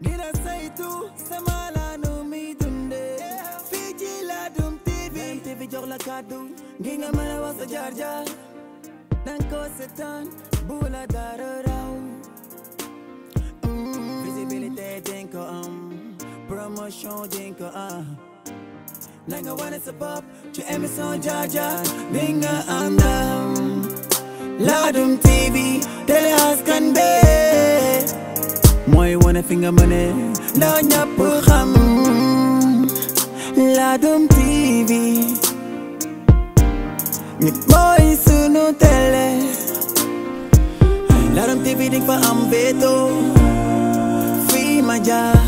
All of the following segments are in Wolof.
ngir saytu sama laanu mi dundee fii ci Ladoum TV TV jox la kàddu nga mën a wax sa jaar-jaar danga ko la dara raw visibilité dinga am promotion dinga am nanga wane sa bopp ci émission mooy wane fi nga mëne ndax ñëpp xam Ladoum TV nit mooy sunu télé Ladoum TV di fa am béto fii ma jaar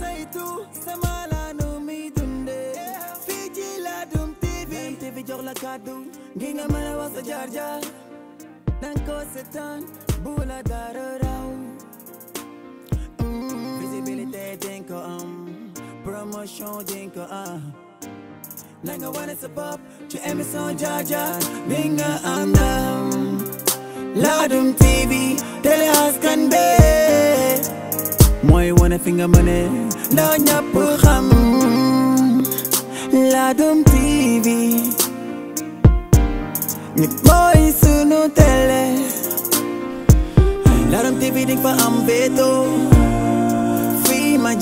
saytu sama laanu mi dunde fii ci Ladoum TV TV jox la kàddu ngi nga mën a wax sa jaar jaar danga ko seetaan bu la dara raw mm, visibilité dinga ko am promotion dinga ko am nanga wane sa bopp ci émission jaar jaar bi nga am ndam Ladoum TV télé askan bi mooy wane fi nga mëne ndax ñëpp xam Ladoum TV nit mooy sunu télé Ladoum TV di fa am béto fii ma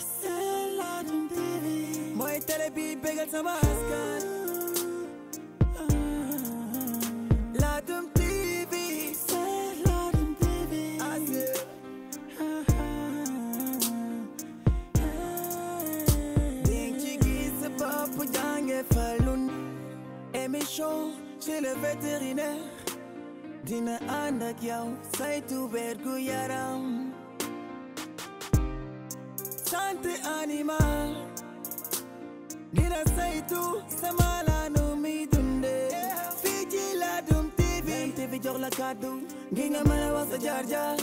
Sen Ladoum TV mooy télé bi bégal sama askan Ladoum TV Sen Ladoum TV ding ci gis sa bopp jànge falun émission chez le vétérinaire dina ànd ak yow saytu wér gu santé animal ni la saytu sama la nu mi dundee fii ci Ladoum TV TV jox la kàddu ngi nga mën a wax jaar jaar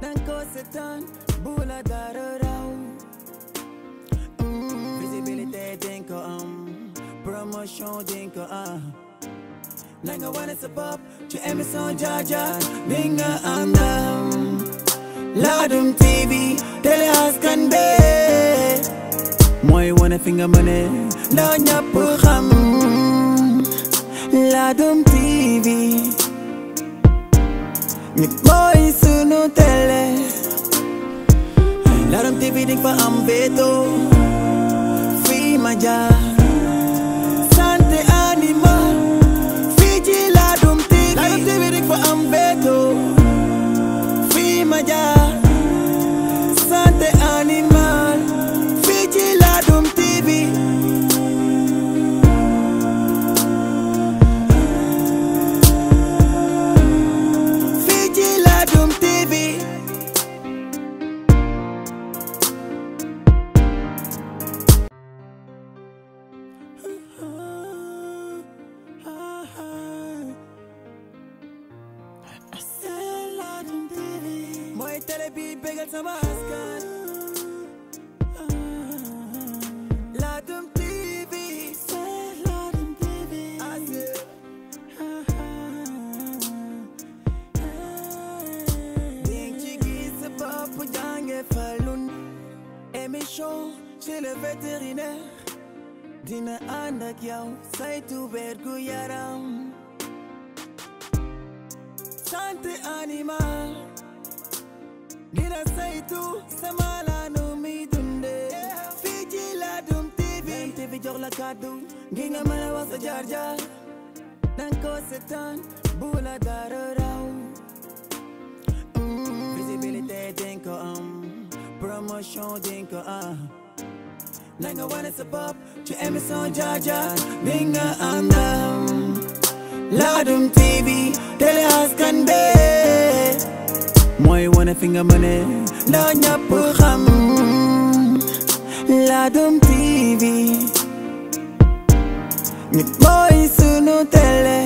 danga ko seetaan bu la dara raw mm, visibilité dinga am promotion dinga ko am nanga wane sa bopp ci émission jaar jaar dinga am ndam Ladoum TV télé askan bi mooy wane fi nga mëne ndax ñëpp xam Ladoum TV nit mooy sunu télé Ladoum TV di fa am béto fii ma jaar damay bi bégal sama askan Ladoum TV c'est Ladoum TV ding ci gis sa bopp jànge falun émission chez le vétérinaire dina ànd ak yow saytu wér gu yaram santé animal dina saytu sama la nu dundee fii la kàddu ngi nga mën a wax sa jaar jaar nan ko seetaan dara raw mm, visibilité dinga am promotion dinga am na nga wane sa bopp mooy wane fi nga mëne ndax ñëpp xam Ladoum TV nit mooy sunu télé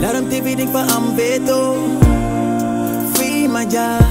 Ladoum TV di fa am béto fii ma jaar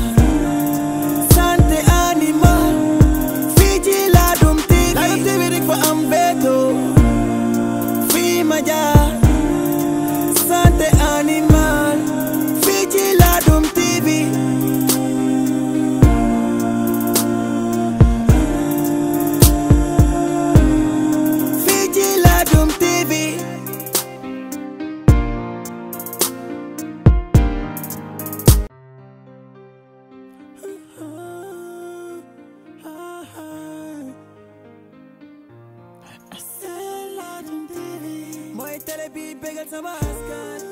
waaye télé bi bégal sama askan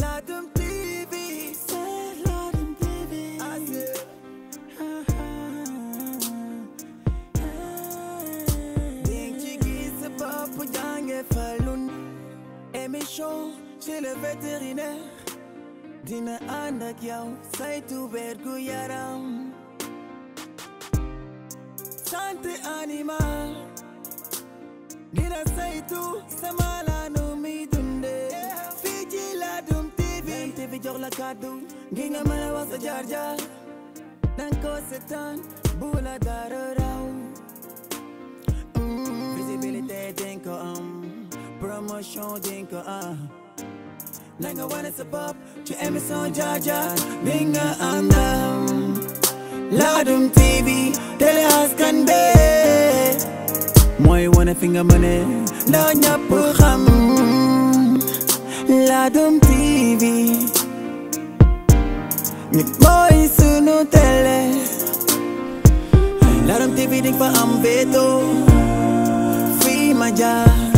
Ladoum TV c'est Ladoum TV ding ci gis sa bopp jànge falun émission chez le vétérinaire dina ànd ak yow saytu wér gu yaram santé animal dina saytu sama laanu mi dunde fii ci Ladoum TV TV jox la kàddu ngi nga mën a wax sa la dara raw visibilité dinga am promotion dinga am nanga wane TV télé askan mooy wane fi nga mëne ndax ñëpp xam Ladoum TV ñu mooy sunu télé Ladoum TV di fa am béto fii ma jaar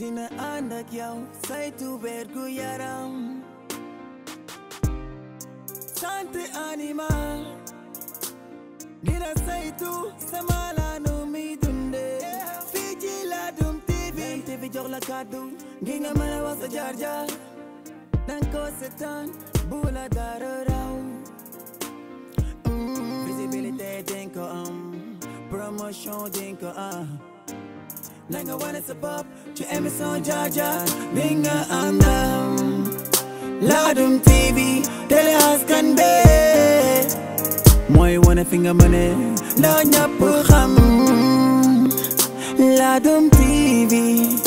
dina ànd ak yow saytu wergu yaram santé animal dina saytu sama laanu mi dunde fii ci Ladoum TV TV jox la kàddu ngi nga mën a jaar-jaar danga ko seetaan bu la dara raw visibilité dinga ko am promotion dinga ko am la nga wane sa bopp ci émission jaar-jaar bi nga àndal Ladoum TV télé askan bi mooy wane fi nga mëne la ñëpp xam Ladoum TV